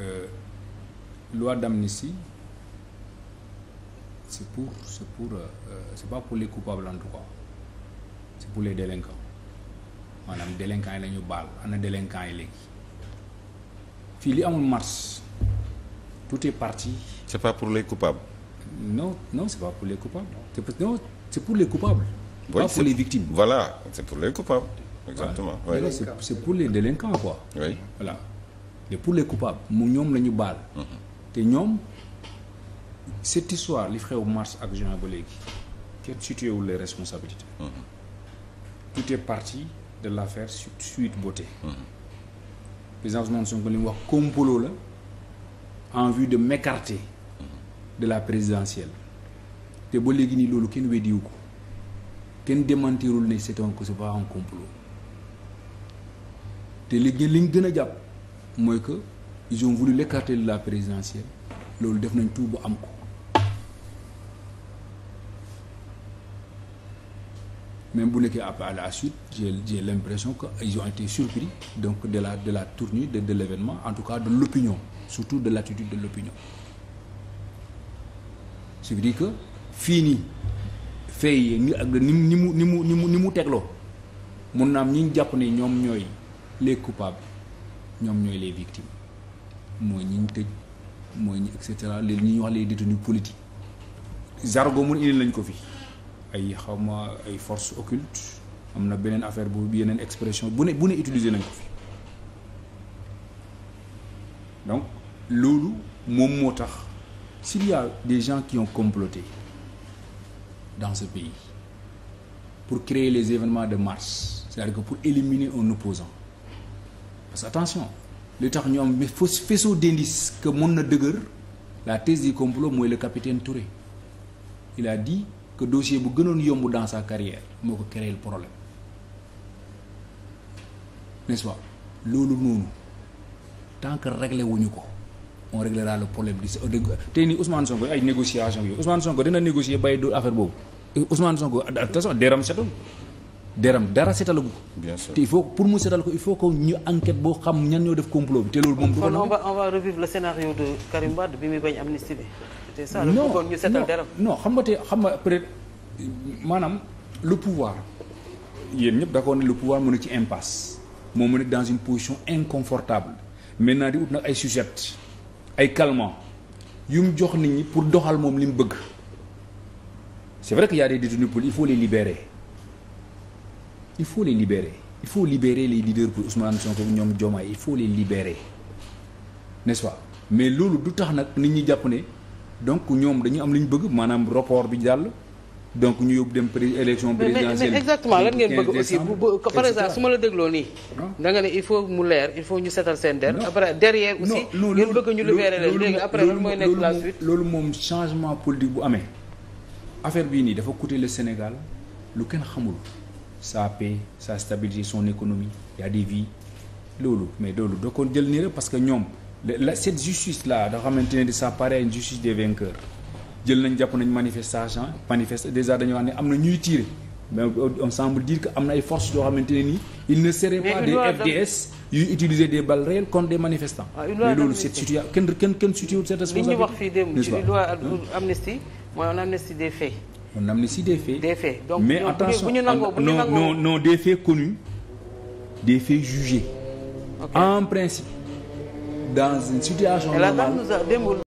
euh, loi d'amnistie c'est pour c'est pour euh, euh, c'est pas pour les coupables en tout cas c'est pour les délinquants maanaam délinquants yi la ñu baal ana délinquants yi léegi fii li amul mars tout est parti. c'est pas pour les coupables. non non c'est pas pour les coupables c'est pour non c'est pour les coupables. Oui, pas pour les victimes. voilà c'est pour les coupables. exactement oui. c'est pour les délinquants quoi. oui de pour les coupables mu ñoom la ñu baal. te ñoom cette histoire li xew mars ak juin ba léegi kenn situé wul les responsabilités. tout est parti de l' affaire Sweet Beauté. président Ousmane Sonko li wax complot la en vue de m'écarter de la présidentielle te ba léegi nii loolu kenn weddiwu ko kenn démentirul ne c'est un que c'est pas un complot te li li ñu gën a jàpp. mooy que ils ont voulu l'écarter de la présidentielle loolu def nañ tout bu am ko même bu nekkee à la suite j'ai j'ai l'impression que ils ont été surpris donc de la de la tournie de de l'événement en tout cas de l'opinion surtout de l'attitude de l'opinion ce qui veut dire que fii nii fay ni ak ni mu ni mu ni mu ni mu tegloo mun na am ñi ñu jàpp ne ñoom ñooy les coupables ñoom ñooy les victimes mooy ñi ñu tëj mooy ñi et cetera li ñuy wax les détenus politiques jargon mun indi lañ ko fi ay xawma ay forces occultes am na beneen affaire bu yeneen expression bu ne bu ne utiliser nañ ko fi donc loolu moom moo tax s'il y des gens qui ont comploté dans ce pays pour créer les événements de mars c'est-à-dire que pour éliminer un opposant parce que attention li tax ñu am faisceau d'indices que mën na dëgër la thèse du complot mooy le capitaine Touré il a di que dossier bu gënoon yomb dans sa carrière moo ko créé le problème n'est-ce pas loolu noonu tant que réglé wuñu ko on réglera le problème di sa tey nii Ousmane Sonko ay négociations yooyu Ousmane Sonko dina négocier bàyyi du affaire boobu Ousmane Sonko attention deram setul deram dara setalagu ko sûr te il faut pour mu setal ko il faut ko ñu enquête boo xam ñan ñoo def complot bi te loolu moom. du ko nangu on va on va revivre le scénario xam nga te xam nga peut-être maanaam le pouvoir yéen ñëpp d'accord ne le pouvoir mu ne ci impasse moom mu ne dans une position inconfortable maintenant di ut nag ay sujets ay calmants yu mu jox nit ñi pour doxal moom li mu bëgg c'est vrai que y a des détenus il faut les libérer. il faut les libérer il faut libérer les leaders pour Ousmane Sonko ñoom Diomaye il faut les libérer nest loolu du tax nag nit ñi jàpp donc ñoom dañu am li ñu bëgg maanaam rapport bi jàll donc ñu yóbbu dem élection présidentielle mais exactement ngeen bëgg aussi bu ma la dégloo nii. da nga ne il faut mu leer il faut ñu setal seen der. après derrière aussi. ngeen bëgg ñu libéré leen léegi après mooy nekk la suite. loolu moom changement politique bu amee affaire bii nii dafa coûter le Sénégal lu kenn xamul. sa paix sa stabilité son économie y a des loolu mais loolu doo ko jël nii rek parce que ñoom la cette justice là da xamante ne ça a une justice des vainqueurs jël nañ jàpp nañ manifestation manifeste déjà dañoo xam ne am na ñuy tirer mais on semble dire que am na ay force yoo xamante ne nii il ne serait pas des FDS yuy utiliser des balles réelles contre des manifestants mais loolu cette situation kenn kenn kenn situé cette responsabilité li wax fii démb ci loi amnistie mooy on amnistie des faits. des faits donc mais attention bu ñu nangoo bu ñu non non non des faits connus des faits jugés. en principe dans une situation normale.